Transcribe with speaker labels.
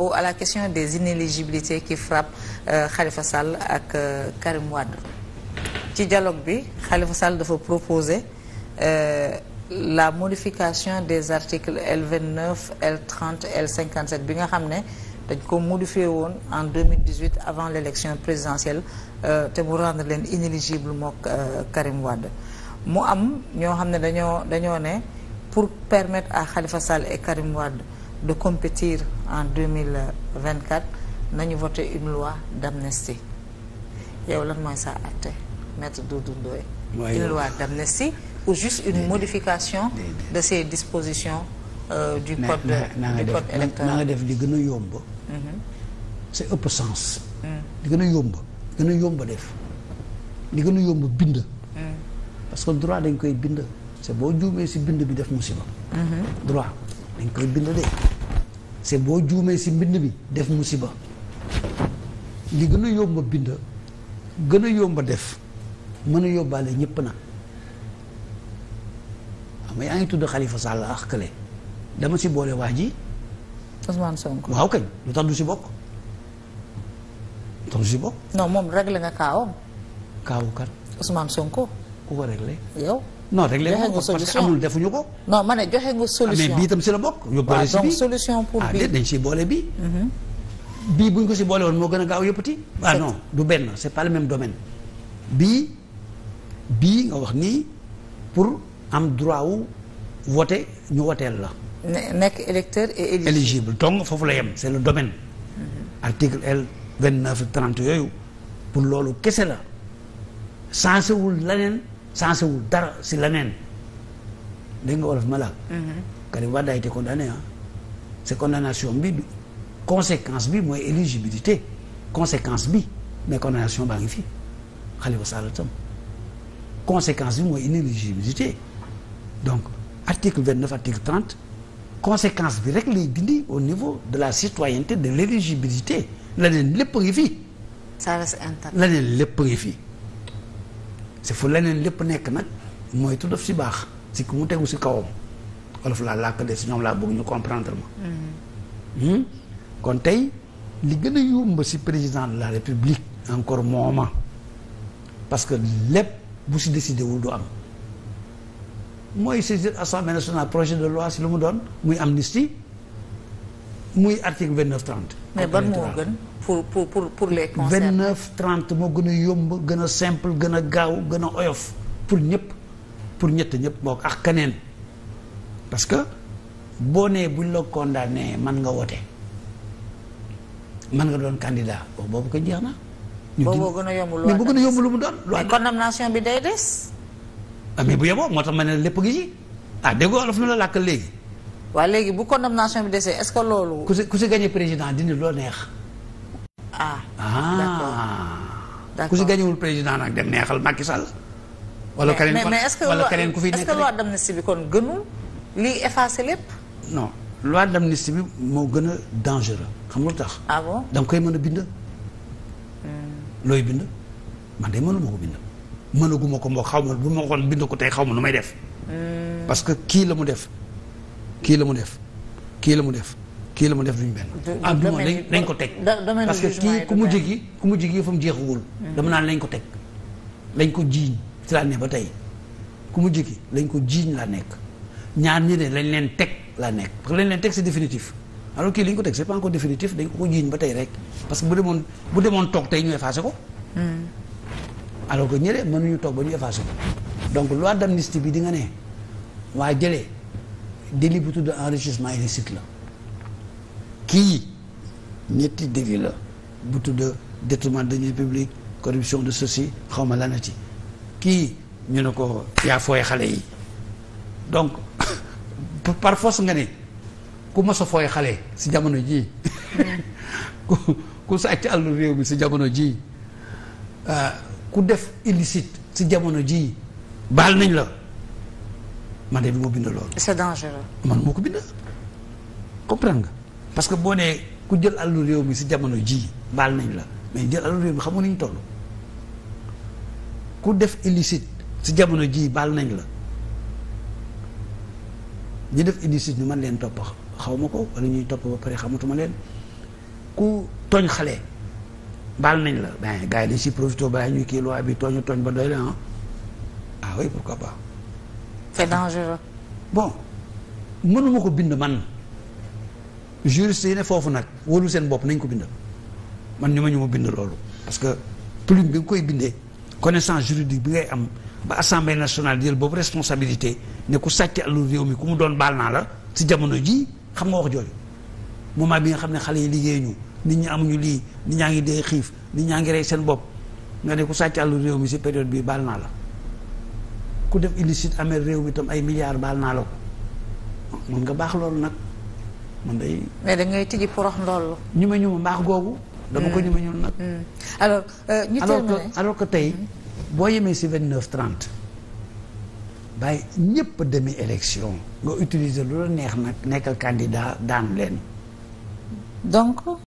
Speaker 1: au à la question des inéligibilités ki frappent xalifa euh, Sall ak euh, Karim Wade ci dialogue bi Khalifa Sall dafa proposer euh, la modification des articles L29 L30 L57 bi nga xam ne dañ ko modifié woon en 2018 avant l'élection présidentielle te mu rendre leen inéligible mook Karim Wade mu am ñoo xam ne dañoo dañoo ne pour permettre à xalifa Sall et Karim Wade de compétir en 2024 nañu voté une loi d'amnistie yow lan mooy sa àtte maître Doudou Ndoye une loi d'amnistie ou juste une modification de ces disposition euh, du code du code électoral naa nga def li gën a yomb mm-hmm. c'est ëpp sens mm. li gën a yomb li gën a yomb def li gën a yomb bind mm. parce que droit dañ koy bind c'est boo juumee si bind bi def musiba mm-hmm. droit dañ koy bind de c'est boo juumee si mbind mi def si ba li gën a yomb a bind gën a yomb def mën a yóbbaale ñëpp na xam nga yaa ngi tudd Khalifa Sall ak kële dama si boole waa ji. Ousmane sonk waaw kañ lu tax du si bokk lu tax du si bokk. non moom réglé nga kaawam. kaawu kan. Ousmane ku ko réglé yow. non réglé ko parce que amul defuñu ko. non ma ne joxe nga ah, solution mais bii itam si la bokk. ñu boole si bii donc solution pour ah, bii mhm. bii. buñ ko si boole moo gën a gaaw yëppati. ah non du benn c'est pas le même domaine. bii nga wax nii pour am droit wu voter ñu woteel la. nekk électeur et éligible. éligible donc foofu la yem c'est le domaine. Mhm. article L vingt neuf trente yooyu pour loolu kese la sensé wul leneen. sensé wul dara si leneen dégg nga olof ma laal. Mhm. Karim Wade a été condamné ah. c'est bi conséquence bi mooy éligibilité conséquence bi mais condamnation baa ngi fi Khalifa conséquence bi mooy inéligibilité donc article vingt neuf article trente conséquence bi rek lay dindi au niveau de la citoyenneté de l'éligibilité leneen lépp ngi fi. ça reste intact leneen lépp ngi fi. si fu leneen lépp nekk nag mooy tu def si baax si ku mu tegu si kawam olof laa làkk de si ñoom laa bëgg ñu comprendre ma mm-hmm. hmm? kon tey li gën a yomb si président de la république encore mooma parce que lépp bu si décidé wul du am mooy saisir assemblée nationale projet de loi si lu mu doon muy amnistie muy article vingt neuf trente mais ban moo gën pour pour pour pour les concerts. vingt neuf moo gën yomb gën simple gën a gaaw gën a oyof pour ñëpp pour ñett ñëpp bokk ak keneen parce que boo nee buñ la condamné man nga wote man nga doon candidat boobu ko jeex na. ñu boobu gën a yomb lu mais bu gën lu mu doon. loo condamnation bi day des. ah mais bu yeboo moo tax ma ne lépp gi ci ah dégg nga olof na la làkk léegi. waaw léegi bu condamnation bi desee est-ce que loolu. ku si ku si gagné président dina loo neex. Ah. ah. d'accord ku si gañewul président nag dem neexal Macky Sall. wala keneen mais ce que wala keneen ku fi nekk est-ce que loi d'amnistie kon gënul lii effacé lépp. non loi d'amnistie bi moo gën a dangereux xam nga lu tax. ah bon koy mën a bind. Hmm. looy bind man de mënuma ko bind. mënaguma ko moo xaw ma bu ma waxoon bind ko tey xaw ma nu may def. Hmm. parce que kii la mu def. kii la mu def kii la mu def. kii la mu def duñ benn ah du moom nañ ko teg parce que kii ku mujj gi ku mujj gi yëfam jeexuwul mm-hmm. dama naan lañ ko teg lañ ko jiiñ ci laa ba tey ku mu gi lañ ko jiiñ laa nekk ñaar ñi ne lañ leen teg laa nekk parce que lañ leen teg c'est définitif alors kii lañ ko teg c'est pas encore définitif dañ ko ko jiiñ ba tey rek parce que bu demoon bu demoon toog tey ñu effacé ko mm. alors que ñële mënuñu toog ba ñu effacé ko donc loi d'amnistie bi di nga ne waa jëlee délit bu de enrichissement illicite la kii ñetti délit la bu tudd détournement de deniers publics corruption de ceci xaw ma lanati kii ñu ne ko yaa fooy xale yi donc par force nga ne ku mos a fooy xale si jamono ji ku si jamono ji euh, ku def illicite si jamono jii baal nañ la man de bi moo bind loolu. c'est dangereux. man moo ko bind comprendre nga. parce que boo nee ku jël alalu réew mi si jamono ji baal nañ la mais jël alalu réew mi xamu nañ toll ku def illicite si jamono ji baal nañ la ñu def illicite ñu man leen topp xaw ma ko wala ñuy topp ba pare xamatuma leen ku tooñ xale baal nañ la mais gars yi dañ si profité balaa ñuy kii loi bi tooñu tooñ ba doy la ah ah oui pourquoi pas. c'est bon mënuma ko bind man. juriste yi ne foofu nag wóolu seen bopp nañ ko bind man ñu ma ñu bind loolu parce que plume bi nga koy bindee connaissance juridique bi ngay am ba assemblée nationale jël boobu responsabilité ne ku sàcc àllu réew mi ku mu doon baal naa la si jamono jii xam nga wax jooju moment bi nga xam ne xale yi liggéey ñu nit ñi amuñu lii nit ñaa ngi dee xiif nit ñaa ngi rey seen bopp nga ne ku sàcc àllu réew mi si période bii baal naa la ku def illicite amee réew mi tam ay milliards baal naa la nga baax loolu nag man day. mais da ngay tijji pour wax loolu. ñu ma ñu mbaax googu.
Speaker 2: dama ko mm. ñu ma ñun
Speaker 1: nag. Mm. alors euh, ñu terminé que tey mm-hmm. boo yemee si vingt neuf trente bàyyi ñëpp demee élection nga utiliser lu la neex nag nekkal candidat daan leen. donc.